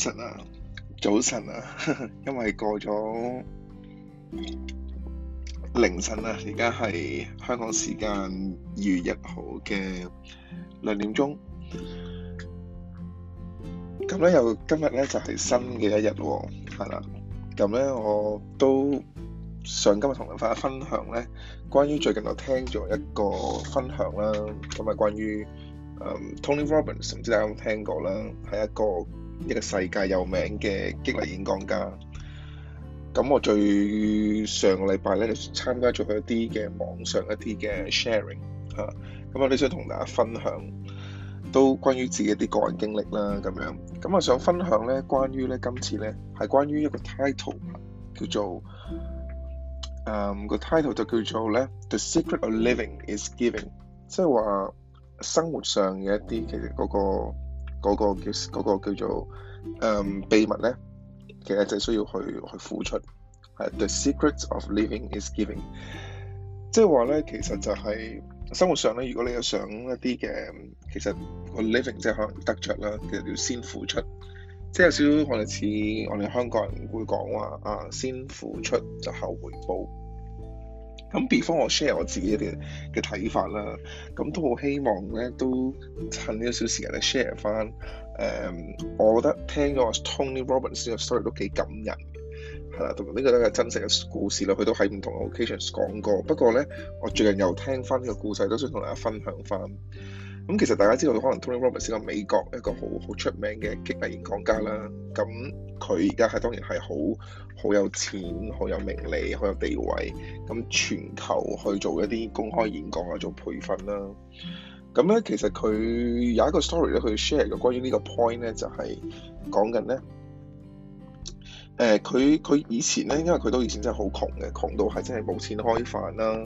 晨啊，早晨啊，因為過咗凌晨啦，而家係香港時間二月一號嘅兩點鐘。咁咧，又今日咧就係新嘅一日喎，係啦。咁咧，我都想今日同大家分享咧，關於最近我聽咗一個分享啦，咁啊，關於誒 Tony Robbins，唔知大家有冇聽過啦，係一個，一個世界有名嘅激勵演講家，咁我最上個禮拜咧參加咗佢一啲嘅網上一啲嘅 sharing 嚇，咁啊我都想同大家分享都關於自己啲個人經歷啦咁樣，咁我想分享咧關於咧今次咧係關於一個 title 叫做誒個、嗯、title 就叫做咧 The secret of living is giving，即係話生活上嘅一啲其實嗰、那個。嗰、那個那個叫嗰叫做誒、嗯、秘密咧，其實就需要去去付出。係 The secret of living is giving，即係話咧，其實就係、是、生活上咧，如果你有想一啲嘅，其實個 living 即係可能得出啦，其實要先付出，即、就、係、是、有少少我哋似我哋香港人會講話啊，先付出就後回報。咁 before 我 share 我自己嘅嘅睇法啦，咁都好希望咧都趁呢一小時間嚟 share 翻，誒、嗯，我覺得聽咗 Tony Robbins 嘅 story 都幾感人，係啦，呢、這個都係真實嘅故事咯，佢都喺唔同嘅 occasions 講過。不過咧，我最近又聽翻呢個故事，都想同大家分享翻。咁其實大家知道，可能 Tony Robbins 係美國一個好好出名嘅激勵演講家啦。咁佢而家係當然係好好有錢、好有名利、好有地位。咁全球去做一啲公開演講啊，做培訓啦。咁咧，其實佢有一個 story 咧，佢 share 嘅關於呢個 point 咧，就係講緊咧。誒佢佢以前咧，因為佢都以前真係好窮嘅，窮到係真係冇錢開飯啦、啊。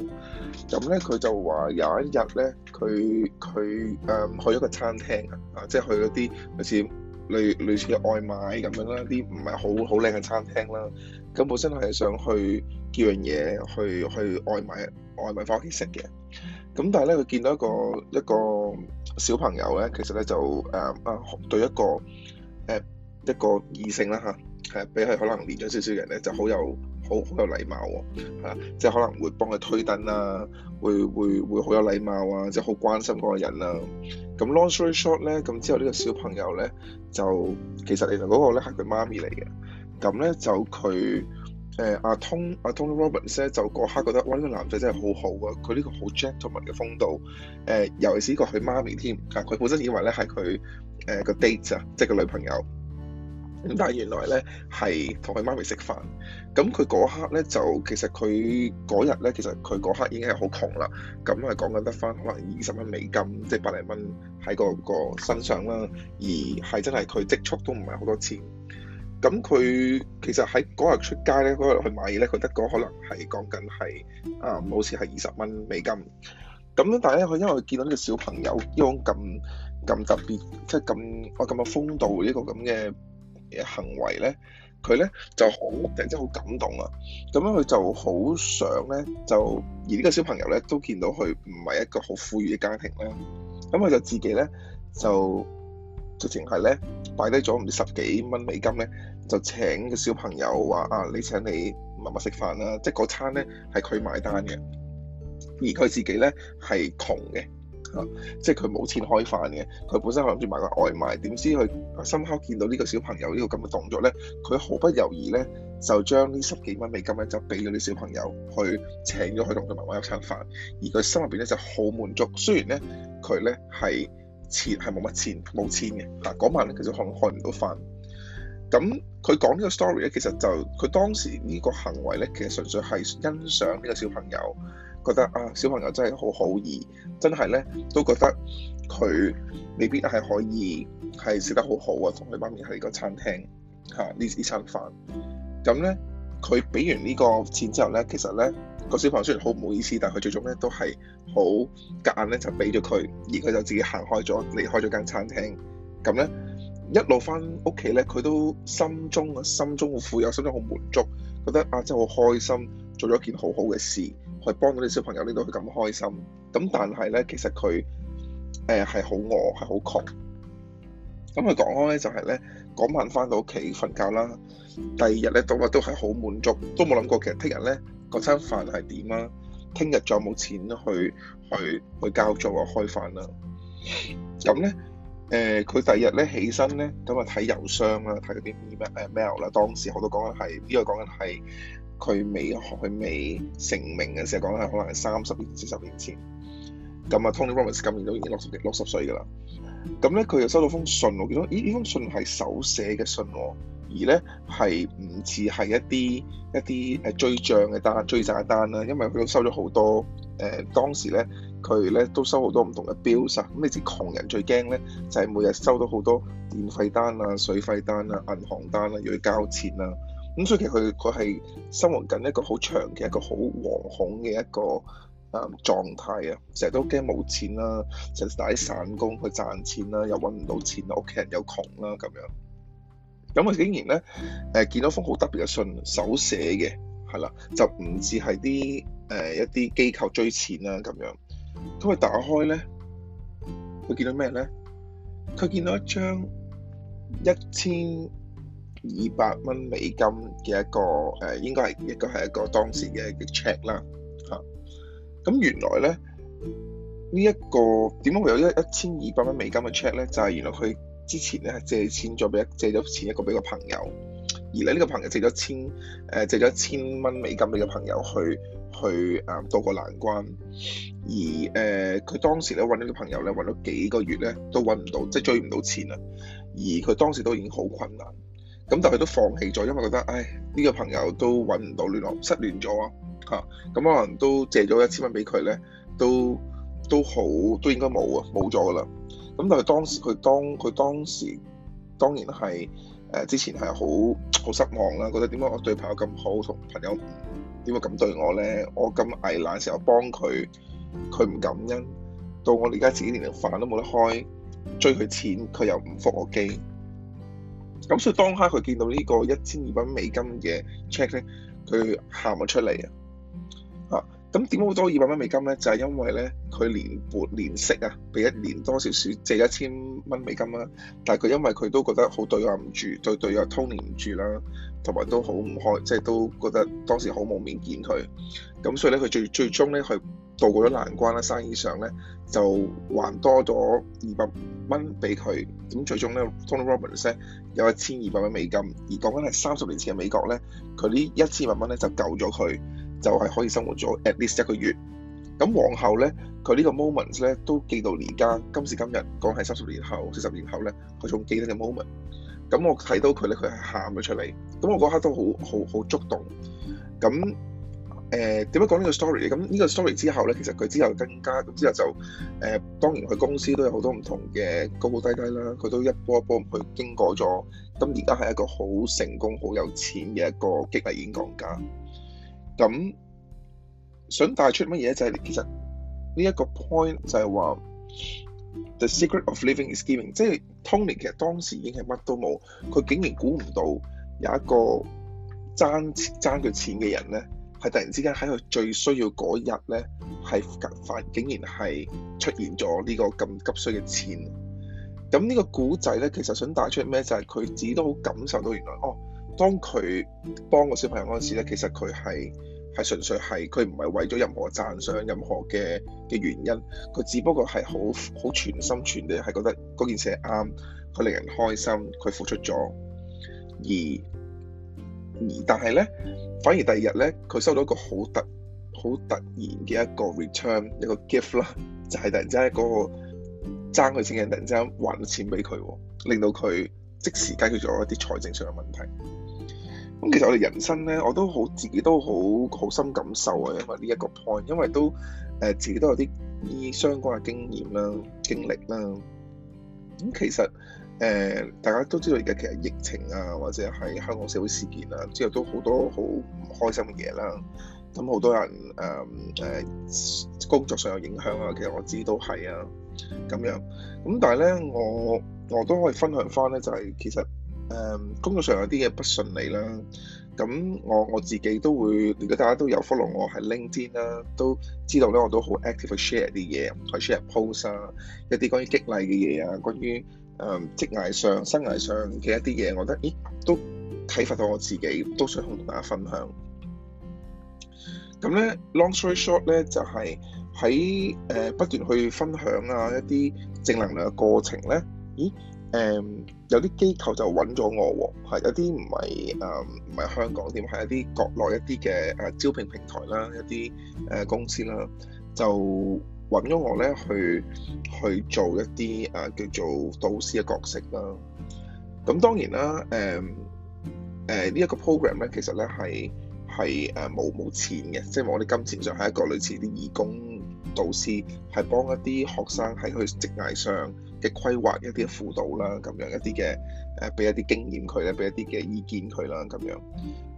咁咧佢就話有一日咧，佢佢誒去一個餐廳啊，即係去嗰啲類似類類似嘅外賣咁樣啦，啲唔係好好靚嘅餐廳啦。咁本身係想去叫樣嘢去去外賣，外賣翻屋企食嘅。咁但係咧，佢見到一個一個小朋友咧，其實咧就誒啊、呃、對一個誒、呃、一個異性啦嚇。係，俾佢可能年長少少人咧，就好有好好有禮貌喎、啊嗯啊，即係可能會幫佢推凳啦、啊，會會會好有禮貌啊，即係好關心嗰個人啦、啊。咁、嗯、long story short 咧，咁之後呢個小朋友咧，就其實其實嗰個咧係佢媽咪嚟嘅。咁咧就佢誒阿通阿通 Tony Robbins 咧，就嗰刻覺得哇，呢、這個男仔真係好好啊！佢呢個好 gentleman 嘅風度，誒、呃、尤其是呢個係佢媽咪添，但、啊、佢本身以為咧係佢誒個 date 啊，即係個女朋友。咁但係原來咧係同佢媽咪食飯，咁佢嗰刻咧就其實佢嗰日咧，其實佢嗰刻已經係好窮啦。咁啊講緊得翻可能二十蚊美金，即係百零蚊喺嗰個身上啦。而係真係佢積蓄都唔係好多錢。咁佢其實喺嗰日出街咧，嗰日去買嘢咧，佢得嗰可能係講緊係啊，好似係二十蚊美金。咁但係咧，佢因為見到呢個小朋友，因為咁咁特別，即係咁啊咁有風度呢個咁嘅，嘅行為咧，佢咧就好，真係好感動啊！咁樣佢就好想咧，就而呢個小朋友咧都見到佢唔係一個好富裕嘅家庭呢。咁佢就自己咧就直情係咧擺低咗唔知十幾蚊美金咧，就請個小朋友話啊，你請你嫲嫲食飯啦，啊，即嗰餐咧係佢買單嘅，而佢自己咧係窮嘅。即係佢冇錢開飯嘅，佢本身係諗住買個外賣，點知佢深刻見到呢個小朋友呢個咁嘅動作呢，佢毫不猶豫呢，就將呢十幾蚊美金呢，就俾咗啲小朋友去請咗佢同佢媽媽一餐飯，而佢心入邊呢，就好滿足。雖然呢，佢呢係錢係冇乜錢，冇錢嘅。嗱，嗰晚呢，其實可能開唔到飯。咁佢講呢個 story 呢，其實就佢當時呢個行為呢，其實純粹係欣賞呢個小朋友。覺得啊，小朋友真係好好意，真係呢，都覺得佢未必係可以係食得好好啊。同佢媽咪喺個餐廳嚇呢呢餐飯咁呢，佢俾完呢個錢之後呢，其實呢個小朋友雖然好唔好意思，但係佢最終呢都係好夾硬呢，就俾咗佢，而佢就自己行開咗，離開咗間餐廳。咁呢一路返屋企呢，佢都心中心中好富有，心中好滿足，覺得啊真係好開心，做咗件好好嘅事。去幫嗰啲小朋友，呢都係咁開心。咁但係咧，其實佢誒係好餓，係好窮。咁佢講開咧就係咧，嗰晚翻到屋企瞓覺啦。第二日咧到日都係好滿足，都冇諗過其實聽日咧嗰餐飯係點啦。聽日再冇錢去去去交租啊、開飯啦。咁咧誒，佢、呃、第二日咧起身咧，咁啊睇郵箱啦，睇啲 email 啦。當時我都講緊係，呢個講緊係。佢未佢未成名嘅時候，講係可能三十年、四十年前。咁啊，Tony Robbins 今年都已經六十、六十歲㗎啦。咁咧，佢又收到一封信，我見到，咦？呢封信係手寫嘅信喎，而咧係唔似係一啲一啲誒追帳嘅單、追債單啦。因為佢都收咗好多誒、呃，當時咧佢咧都收好多唔同嘅 bill 啊。咁你知窮人最驚咧，就係、是、每日收到好多電費單啊、水費單啊、銀行單啦、啊，要佢交錢啊。咁所以其實佢佢係生活緊一個好長嘅一個好惶恐嘅一個誒狀態啊！成日都驚冇錢啦、啊，成日帶啲散工去賺錢啦、啊，又揾唔到錢、啊，屋企人又窮啦、啊、咁樣。咁佢竟然咧誒、呃、見到封好特別嘅信，手寫嘅係啦，就唔似係啲誒一啲、呃、機構追錢啦、啊、咁樣。咁佢打開咧，佢見到咩咧？佢見到一張一千二百蚊美金嘅一個誒應該係一個係一個當時嘅嘅 check 啦嚇。咁、啊、原來咧呢一、個點解會有一一千二百蚊美金嘅 check 咧？就係、係、原來佢之前咧借錢俾一借咗錢一個俾個朋友，而咧呢個朋友借咗千、呃、借咗一千蚊美金俾個朋友去去誒渡過難關。而誒佢、呃、當時咧揾呢個朋友咧揾咗幾個月咧都揾唔到，即係追唔到錢啊！而佢當時都已經好困難。咁但係都放棄咗，因為覺得，唉，呢、這個朋友都揾唔到聯絡，失聯咗啊！嚇、嗯，咁可能都借咗一千蚊俾佢呢，都都好，都應該冇啊，冇咗噶啦。咁但係當時佢當佢當時當然係誒、呃、之前係好好失望啦，覺得點解我對朋友咁好，同朋友點解咁對我呢？我咁危難時候幫佢，佢唔感恩，到我而家自己連飯都冇得開，追佢錢，佢又唔覆我機。咁所以當刻佢見到呢個一千二百蚊美金嘅 check 咧，佢喊咗出嚟啊！啊，咁點解攞多二百蚊美金咧？就係、是、因為咧，佢連撥連息啊，俾一年多少少借一千蚊美金啦、啊。但係佢因為佢都覺得好對話唔住，對對話通連唔住啦，同埋都好唔開，即、就、係、是、都覺得當時好冇面見佢。咁所以咧，佢最最終咧，佢。渡過咗難關啦，生意上咧就還多咗二百蚊俾佢，咁最終咧 Tony Robbins 咧有一千二百蚊美金，而講緊係三十年前嘅美國咧，佢呢一千萬蚊咧就夠咗佢，就係可以生活咗 at least 一個月。咁往後咧，佢呢個 moment 咧都記到而家，今時今日講係三十年後、四十年後咧，佢仲記得嘅 moment。咁我睇到佢咧，佢係喊咗出嚟，咁我嗰刻都好好好觸動。咁誒點樣講呢個 story 咁呢個 story 之後咧，其實佢之後更加之後就誒、呃，當然佢公司都有好多唔同嘅高高低低啦。佢都一波一波去經過咗，咁而家係一個好成功、好有錢嘅一個激勵演講家。咁想帶出乜嘢就係、是、其實呢一個 point 就係話 The secret of living is giving，即係 Tony 其實當時已經係乜都冇，佢竟然估唔到有一個爭爭佢錢嘅人咧。係突然之間喺佢最需要嗰日呢，係急發，竟然係出現咗呢個咁急需嘅錢。咁呢個古仔呢，其實想帶出咩？就係佢自己都好感受到，原來哦，當佢幫個小朋友嗰陣時呢，其實佢係係純粹係佢唔係為咗任何讚賞、任何嘅嘅原因，佢只不過係好好全心全地係覺得嗰件事係啱，佢令人開心，佢付出咗，而而但係呢。反而第二日咧，佢收到一個好突好突然嘅一個 return 一個 gift 啦，就係突然之間嗰個爭佢錢嘅人，突然之間還咗錢俾佢，令到佢即時解決咗一啲財政上嘅問題。咁其實我哋人生咧，我都好自己都好好深感受啊，因為呢一個 point，因為都誒、呃、自己都有啲啲相關嘅經驗啦、經歷啦。咁、嗯、其實。誒、呃，大家都知道而家其實疫情啊，或者係香港社會事件啊，之後都好多好唔開心嘅嘢啦。咁好多人誒誒、呃、工作上有影響啊，其實我知都係啊，咁樣。咁但係咧，我我都可以分享返咧，就係其實誒、呃、工作上有啲嘢不順利啦。咁我我自己都會，如果大家都有 follow 我係 LinkedIn 啦、啊，都知道咧，我都好 active 去 share 啲嘢，去 share post 啊，一啲關於激勵嘅嘢啊，關於。誒職涯上、生涯上嘅一啲嘢，我覺得，咦，都啟發到我自己，都想同大家分享。咁咧，long story short 咧，就係喺誒不斷去分享啊一啲正能量嘅過程咧，咦，誒有啲機構就揾咗我喎，係有啲唔係誒唔係香港啲，係一啲國內一啲嘅誒招聘平台啦，一啲誒公司啦，就。揾咗我咧去去做一啲誒、啊、叫做導師嘅角色啦。咁當然啦，誒誒呢一個 program 咧，其實咧係係誒冇冇錢嘅，即、就、係、是、我哋金錢上係一個類似啲義工導師，係幫一啲學生喺去職涯上嘅規劃一啲輔導啦，咁樣一啲嘅誒俾一啲經驗佢咧，俾一啲嘅意見佢啦，咁樣。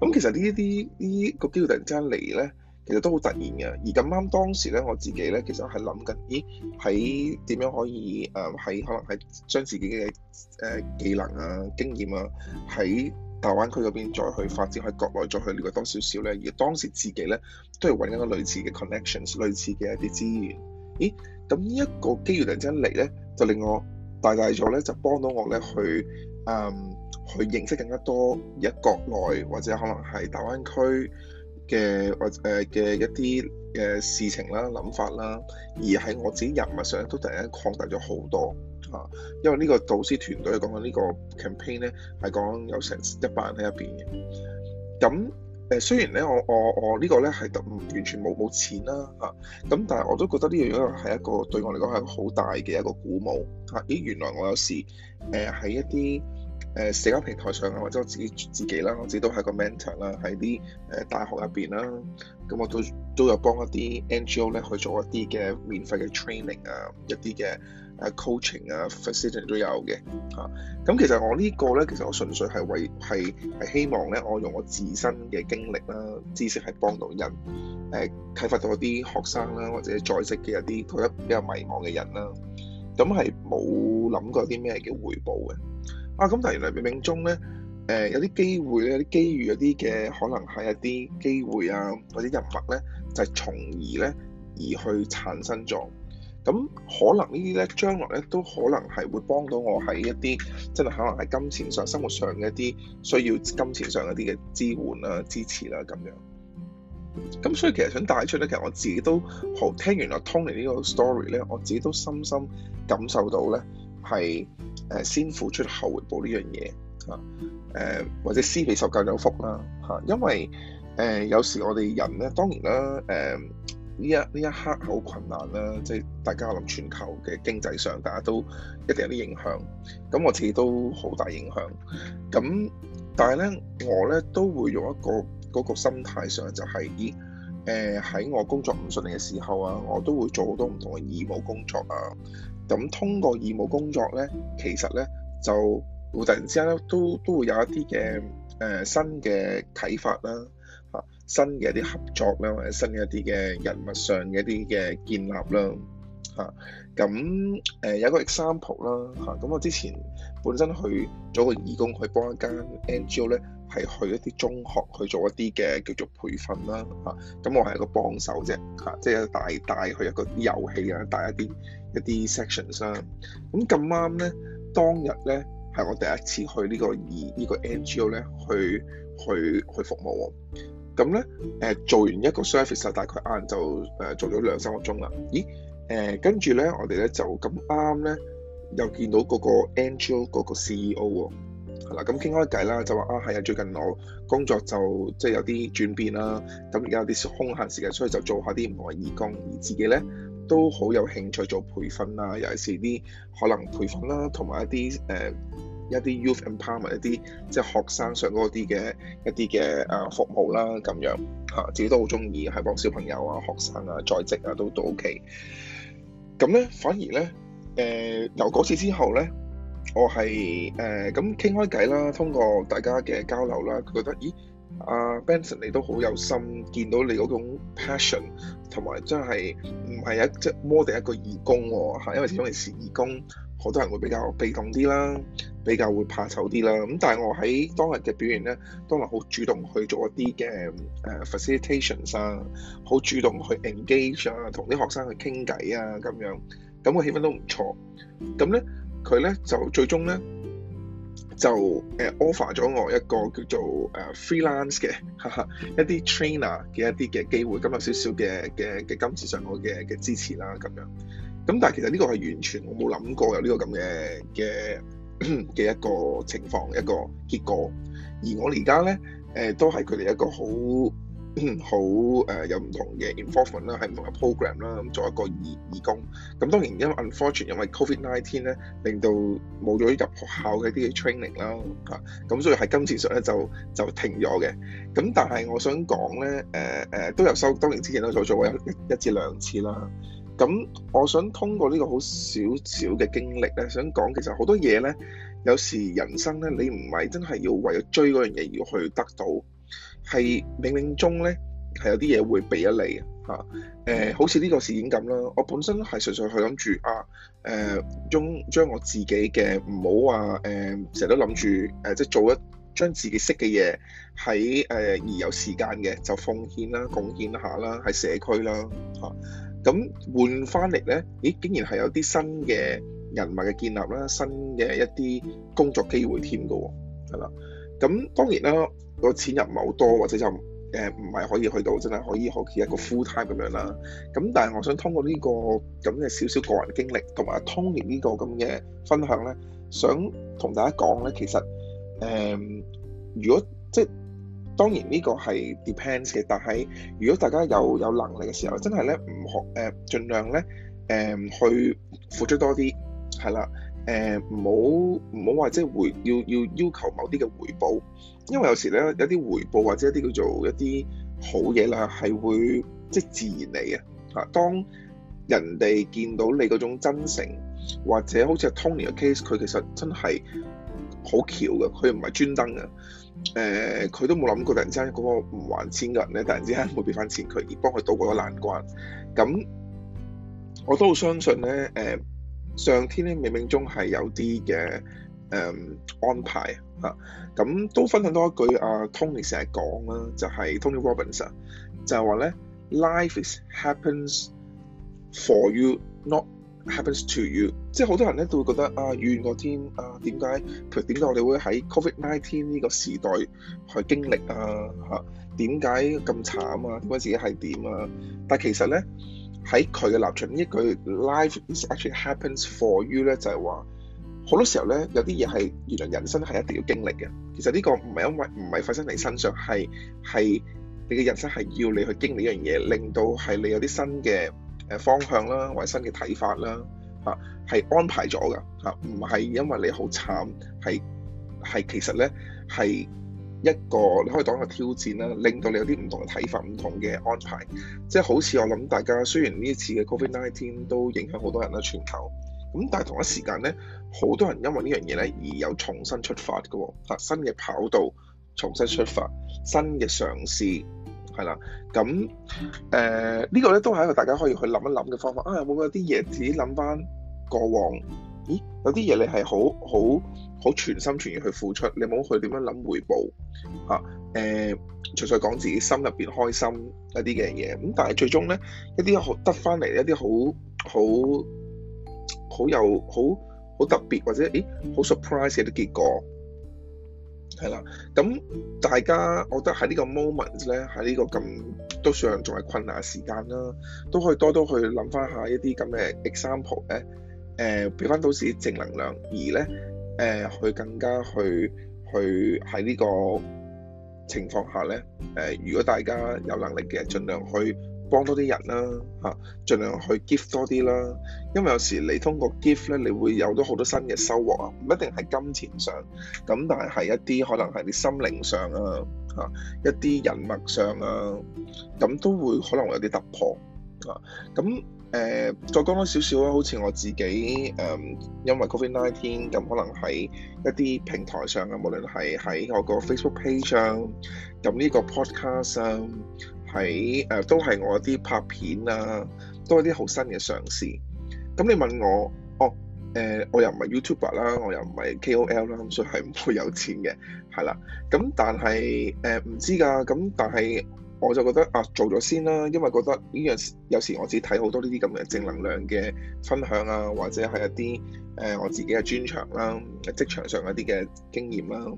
咁其實呢一啲呢個機會突然間嚟咧。其實都好突然嘅，而咁啱當時咧，我自己咧，其實係諗緊，咦，喺點樣可以誒，喺、呃、可能係將自己嘅誒、呃、技能啊、經驗啊，喺大灣區嗰邊再去發展，喺國內再去了解多少少咧？而當時自己咧都係揾一個類似嘅 connections、類似嘅一啲資源。咦，咁呢一個機遇突然間嚟咧，就令我大大咗咧，就幫到我咧去誒、嗯、去認識更加多而家國內或者可能係大灣區。嘅或誒嘅一啲嘅事情啦、諗法啦，而喺我自己人脈上都突然間擴大咗好多嚇、啊，因為呢個導師團隊講緊呢個 campaign 咧係講有成一百人喺入邊嘅。咁誒、呃、雖然咧我我我個呢個咧係唔完全冇冇錢啦嚇，咁、啊、但係我都覺得呢樣嘢係一個對我嚟講係好大嘅一個鼓舞嚇。咦、啊，原來我有時誒喺、呃、一啲。誒社交平台上啊，或者我自己自己啦，我自己都係個 mentor 啦，喺啲誒大學入邊啦，咁我都都有幫一啲 NGO 咧去做一啲嘅免費嘅 training 啊，一啲嘅誒 coaching 啊 facilitator 都有嘅嚇。咁、啊、其實我個呢個咧，其實我純粹係為係係希望咧，我用我自身嘅經歷啦、知識係幫到人，誒、呃、啟發到一啲學生啦，或者在職嘅一啲佢一比較迷茫嘅人啦，咁係冇諗過啲咩嘅回報嘅。啊，咁但係原來冥冥中咧，誒、呃、有啲機會咧，有啲機遇，有啲嘅可能係一啲機會啊，或者人脈咧，就係、是、從而咧而去產生咗。咁可能呢啲咧，將來咧都可能係會幫到我喺一啲，真係可能喺金錢上、生活上嘅一啲需要金錢上一啲嘅支援啦、啊、支持啦、啊、咁樣。咁所以其實想帶出咧，其實我自己都好聽完阿 Tony 呢個 story 咧，我自己都深深感受到咧。係誒先付出後回報呢樣嘢，嚇誒，或者施比受更有福啦，嚇，因為誒有時我哋人咧，當然啦，誒呢一呢一刻好困難啦，即係大家諗全球嘅經濟上，大家都一定有啲影響，咁我自己都好大影響。咁但係咧，我咧都會用一個嗰個心態上就係，咦誒喺我工作唔順利嘅時候啊，我都會做好多唔同嘅義務工作啊。咁通過義務工作咧，其實咧就突然之間咧都都會有一啲嘅誒新嘅啟發啦，嚇、啊、新嘅一啲合作啦，或者新嘅一啲嘅人物上嘅一啲嘅建立啦，嚇咁誒有一個 example 啦，嚇、啊、咁我之前本身去做個義工去幫一間 NGO 咧。係去一啲中學去做一啲嘅叫做培訓啦，嚇、啊，咁我係個幫手啫，嚇、啊，即係大帶佢一個遊戲啊，帶一啲一啲 sections 啦、啊。咁咁啱咧，當日咧係我第一次去、這個這個、呢個二呢個 NGO 咧去去去服務喎。咁咧誒做完一個 service 就大概晏就誒、呃、做咗兩三個鐘啦。咦誒跟住咧我哋咧就咁啱咧又見到嗰個 NGO 嗰個 CEO 喎。係啦，咁傾開計啦，就話啊係啊，最近我工作就即係有啲轉變啦，咁而家有啲空閒時間，所以就做下啲唔同嘅義工。而自己咧都好有興趣做培訓啊，尤其係啲可能培訓啦，同埋一啲誒、呃、一啲 youth empowerment 一啲即係學生上嗰啲嘅一啲嘅誒服務啦，咁樣嚇、啊，自己都好中意，係幫小朋友啊、學生啊、在職啊都都 OK。咁咧，反而咧誒、呃，由嗰次之後咧。我係誒咁傾開偈啦，通過大家嘅交流啦，佢覺得咦，阿 Benson 你都好有心，見到你嗰種 passion，同埋真係唔係一即係摸地一個義工喎、嚇、因為始終嚟試義工，好多人會比較被動啲啦，比較會怕醜啲啦，咁但係我喺當日嘅表現咧，當日好主動去做一啲嘅、uh, facilitations 啊，好主動去 engage 啊，同啲學生去傾偈啊，咁樣，咁個氣氛都唔錯，咁咧。佢咧就最終咧就誒 offer 咗我一個叫做誒 freelance 嘅，哈 哈一啲 trainer 嘅一啲嘅機會，咁有少少嘅嘅嘅今次上我嘅嘅支持啦、啊、咁樣。咁但係其實呢個係完全我冇諗過有呢個咁嘅嘅嘅一個情況一個結果。而我而家咧誒都係佢哋一個好。嗯、好、呃、有唔同嘅 information 啦，係唔同嘅 program 啦，咁做一個義,義工。咁當然因為 unfortunate 因為 COVID-19 咧，令到冇咗入學校嘅一啲 training 啦，吓，咁所以喺今次上咧就就停咗嘅。咁但係我想講咧、呃，都有收。當年之前都有做過一一至兩次啦。咁我想通過呢個好少少嘅經歷咧，想講其實好多嘢咧，有時人生咧你唔係真係要為咗追嗰樣嘢要去得到。係冥冥中咧，係有啲嘢會俾咗你、啊、好似呢個事件咁啦，我本身係純粹去諗住啊，誒、呃，將將我自己嘅唔好話誒，成日、呃、都諗住誒，即、啊、係、就是、做一將自己識嘅嘢喺誒而有時間嘅就奉獻啦、貢獻下啦，喺社區啦嚇。咁、啊、換翻嚟咧，咦？竟然係有啲新嘅人物嘅建立啦，新嘅一啲工作機會添㗎喎，係啦。咁當然啦，個錢又唔係好多，或者就誒唔係可以去到真係可以好似一個 full time 咁樣啦。咁但係我想通過呢、呢個咁嘅少少個人經歷同埋通年呢個咁嘅分享咧，想同大家講咧，其實誒、呃、如果即係當然呢個係 depends 嘅，但係如果大家有有能力嘅時候，真係咧唔學誒，盡、呃、量咧誒、呃、去付出多啲係啦。誒，唔好唔好話即係回要要要求某啲嘅回報，因為有時咧有啲回報或者一啲叫做一啲好嘢咧係會即自然嚟嘅嚇。當人哋見到你嗰種真誠，或者好似阿 Tony 嘅 case，佢其實真係好巧嘅、呃，佢又唔係專登嘅。誒，佢都冇諗過突然之間嗰個唔還錢嘅人咧，突然之間會俾返錢佢，而幫佢渡過咗難關。咁我都好相信咧，誒、呃。上天咧冥冥中係有啲嘅誒安排嚇，咁、啊、都分享多一句阿、啊、Tony 成日講啦，就係、是、Tony Robbins 就係話咧，Life is happens for you，not happens to you。即係好多人咧都會覺得啊怨個天啊，點解佢點解我哋會喺 COVID-19 呢個時代去經歷啊嚇？點解咁慘啊？點解自己係點啊？但其實咧。喺佢嘅立場，呢句 life is actually happens for you 咧，就係話好多時候咧，有啲嘢係原來人生係一定要經歷嘅。其實呢個唔係因為唔係發生喺你身上，係係你嘅人生係要你去經歷一樣嘢，令到係你有啲新嘅誒方向啦，或者新嘅睇法啦，嚇係安排咗㗎嚇，唔係因為你好慘，係係其實咧係。一個你可以當一個挑戰啦，令到你有啲唔同嘅睇法、唔同嘅安排，即係好似我諗大家雖然呢次嘅 COVID-19 都影響好多人啦，全球咁，但係同一時間呢，好多人因為呢樣嘢咧而有重新出發嘅喎，新嘅跑道，重新出發，新嘅嘗試，係啦，咁誒呢個呢都係一個大家可以去諗一諗嘅方法啊，有冇有啲嘢自己諗翻過往？咦，有啲嘢你係好好。好全心全意去付出，你冇去點樣諗回報啊？誒、呃，純粹講自己心入邊開心一啲嘅嘢，咁但係最終呢，一啲好得翻嚟一啲好好好有好好特別或者咦好 surprise 嘅啲結果，係啦。咁大家我覺得喺呢個 moment 咧，喺呢個咁都算係仲係困難嘅時間啦，都可以多多去諗翻下一啲咁嘅 example 咧，誒俾翻到自己正能量，而呢。誒，去、呃、更加去去喺呢個情況下呢，誒、呃，如果大家有能力嘅，儘量去幫多啲人啦，嚇、啊，儘量去 give 多啲啦，因為有時你通過 give 呢，你會有到好多新嘅收穫啊，唔一定係金錢上，咁但係一啲可能係你心靈上啊，嚇，一啲人脈上啊，咁都會可能會有啲突破啊，咁。誒再講多少少啦，好似我自己誒，因為 Covid nineteen 咁，19，可能喺一啲平台上嘅，無論係喺我 page，個 Facebook page 上，咁呢個 podcast 上，喺誒都係我啲拍片啊，都係啲好新嘅嘗試。咁你問我，哦誒、呃，我又唔係 YouTuber 啦，我又唔係 KOL 啦，咁所以係唔會有錢嘅，係啦。咁但係誒唔知㗎，咁但係。我就覺得啊，做咗先啦，因為覺得呢樣有時我自己睇好多呢啲咁嘅正能量嘅分享啊，或者係一啲誒、呃、我自己嘅專長啦、職場上一啲嘅經驗啦。誒、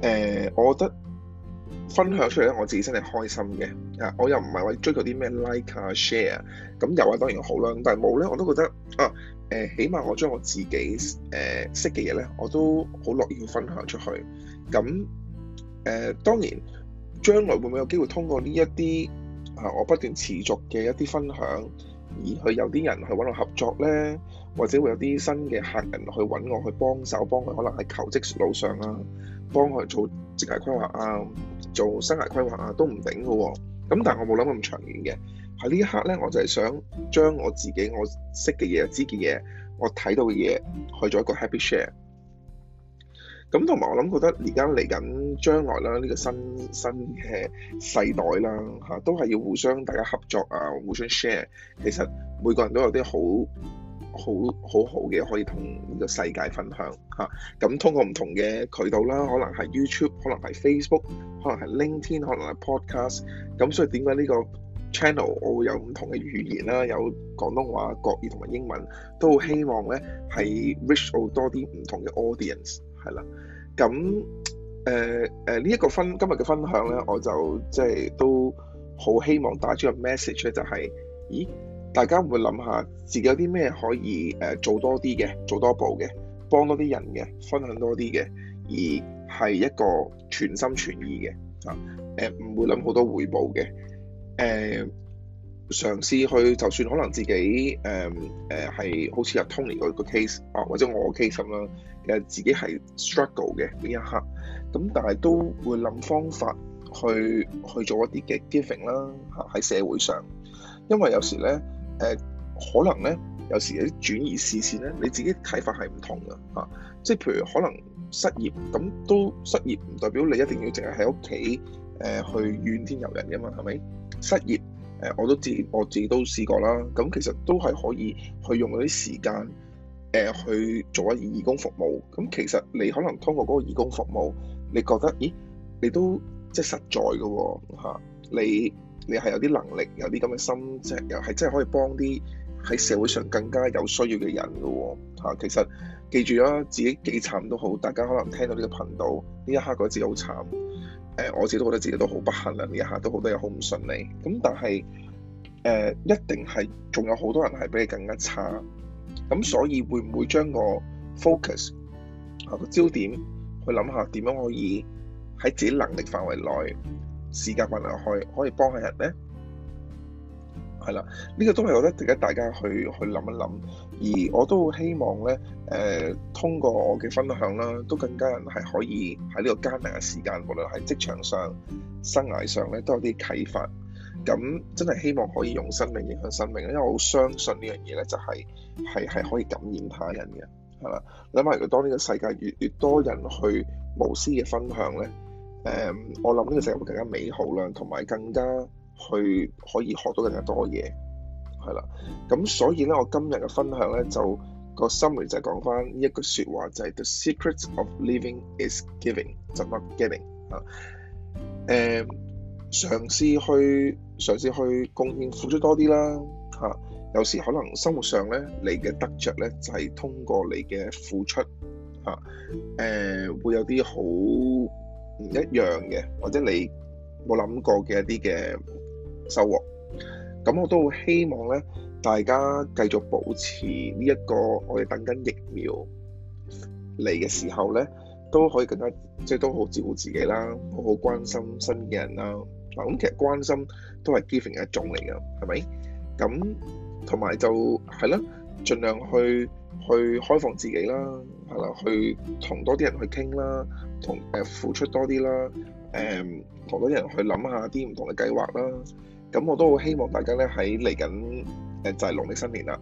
呃，我覺得分享出嚟咧，我自己真係開心嘅。啊，我又唔係話追求啲咩 like 啊、share 咁有啊，當然好啦、啊。但係冇咧，我都覺得啊，誒、呃，起碼我將我自己誒、呃、識嘅嘢咧，我都好樂意去分享出去。咁誒、呃，當然。將來會唔會有機會通過呢一啲啊，我不斷持續嘅一啲分享，而去有啲人去揾我合作呢？或者會有啲新嘅客人去揾我去幫手，幫佢可能喺求職路上啊，幫佢做職涯規劃啊，做生涯規劃啊，都唔定嘅喎。咁但係我冇諗咁長遠嘅。喺呢一刻呢，我就係想將我自己我識嘅嘢、知嘅嘢、我睇到嘅嘢去做一個 Happy Share。咁同埋，我諗覺得而家嚟緊將來啦，呢個新新嘅世代啦，吓都係要互相大家合作啊，互相 share。其實每個人都有啲好好，好好好好嘅可以同呢個世界分享吓。啊，咁通過唔同嘅渠道啦，可能係 YouTube，可能係 Facebook，可能係 LinkedIn，可能係 Podcast。咁所以點解呢個 channel 我會有唔同嘅語言啦，有廣東話、國語同埋英文，都好希望咧喺 reach 到多啲唔同嘅 audience。係啦，咁誒誒呢一個分今日嘅分享咧，我就即係都好希望帶出個 message 咧、就是，就係咦，大家會諗下自己有啲咩可以誒做多啲嘅，做多步嘅，幫多啲人嘅，分享多啲嘅，而係一個全心全意嘅啊誒，唔、呃、會諗好多回報嘅誒。呃嘗試去，就算可能自己誒誒係好似阿 Tony 個個 case 啊，或者我個 case 咁啦，其實自己係 struggle 嘅呢一刻，咁但係都會諗方法去去做一啲嘅 giving 啦嚇喺社會上，因為有時咧誒、啊、可能咧有時啲轉移視線咧，你自己睇法係唔同嘅。嚇、啊，即係譬如可能失業咁都失業唔代表你一定要淨係喺屋企誒去怨天尤人噶嘛，係咪失業？誒，我都自我自己都試過啦。咁其實都係可以去用嗰啲時間，誒去做一義工服務。咁其實你可能通過嗰個義工服務，你覺得，咦，你都即係實在嘅喎嚇。你你係有啲能力，有啲咁嘅心，即係又係真係可以幫啲喺社會上更加有需要嘅人嘅喎嚇。其實記住啦，自己幾慘都好，大家可能聽到呢個頻道，呢一刻覺得自己好慘。誒我自己都覺得自己都好不幸啦，呢一下都好多嘢好唔順利。咁但係誒、呃、一定係仲有好多人係比你更加差。咁所以會唔會將個 focus 啊個焦點去諗下點樣可以喺自己能力範圍內時間範圍內可以幫下人呢？係啦，呢、這個都係我覺得值得大家去去諗一諗。而我都希望咧，誒、呃、通過我嘅分享啦，都更加人係可以喺呢個艱難嘅時間，無論係職場上、生涯上咧，都有啲啟發。咁真係希望可以用生命影響生命，因為我好相信呢樣嘢咧，就係係係可以感染他人嘅，係嘛？諗下如果當呢個世界越越多人去無私嘅分享咧，誒、呃、我諗呢個世界會更加美好啦，同埋更加去可以學到更加多嘢。係啦，咁所以咧，我今日嘅分享咧，就、那個 summary 就係講翻一句説話，就係、是、The secrets of living is giving，就係 not giving 啊，誒、嗯，嘗試去嘗試去貢獻、付出多啲啦嚇。有時可能生活上咧，你嘅得着咧就係、是、通過你嘅付出嚇，誒、啊嗯、會有啲好唔一樣嘅，或者你冇諗過嘅一啲嘅收穫。咁我都好希望咧，大家繼續保持呢、這、一個，我哋等緊疫苗嚟嘅時候咧，都可以更加即係都好照顧自己啦，好好關心身邊嘅人啦。嗱，咁其實關心都係 giving 嘅一種嚟嘅，係咪？咁同埋就係啦，儘量去去開放自己啦，係啦，去同多啲人去傾啦，同誒付出多啲啦，誒、嗯、同多啲人去諗下啲唔同嘅計劃啦。咁我都好希望大家咧喺嚟緊，誒就係農曆新年啦。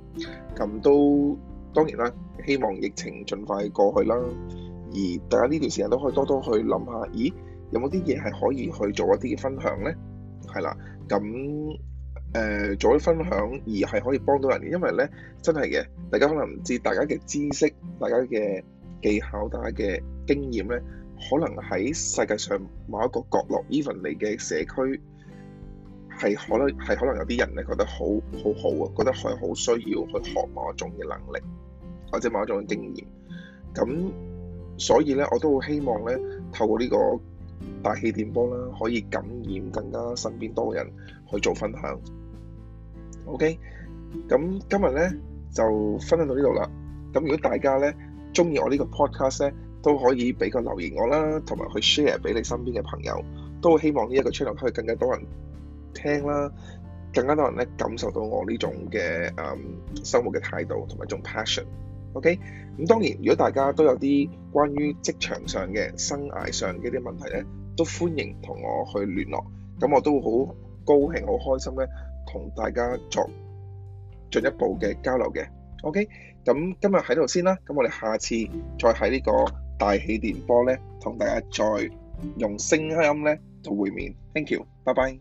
咁都當然啦，希望疫情盡快過去啦。而大家呢段時間都可以多多去諗下，咦有冇啲嘢係可以去做一啲分享呢？係啦，咁誒、呃、做啲分享而係可以幫到人，因為呢真係嘅，大家可能唔知大家嘅知識、大家嘅技巧、大家嘅經驗呢，可能喺世界上某一個角落，even 嚟嘅社區。係可能係可能有啲人咧覺得好好好啊，覺得係好需要去學某一種嘅能力，或者某一種嘅經驗。咁所以咧，我都好希望咧，透過呢個大氣電波啦，可以感染更加身邊多人去做分享。OK，咁今日咧就分享到呢度啦。咁如果大家咧中意我呢個 podcast 咧，都可以俾個留言我啦，同埋去 share 俾你身邊嘅朋友。都希望呢一個 channel 可以更加多人聽啦，更加多人咧感受到我呢種嘅誒生活嘅態度同埋種 passion。OK，咁當然，如果大家都有啲關於職場上嘅生涯上嘅啲問題咧，都歡迎同我去聯絡。咁我都會好高興、好開心咧，同大家作進一步嘅交流嘅。OK，咁今日喺度先啦。咁我哋下次再喺呢個大氣電波咧，同大家再用聲音咧做會面。Thank you，拜拜。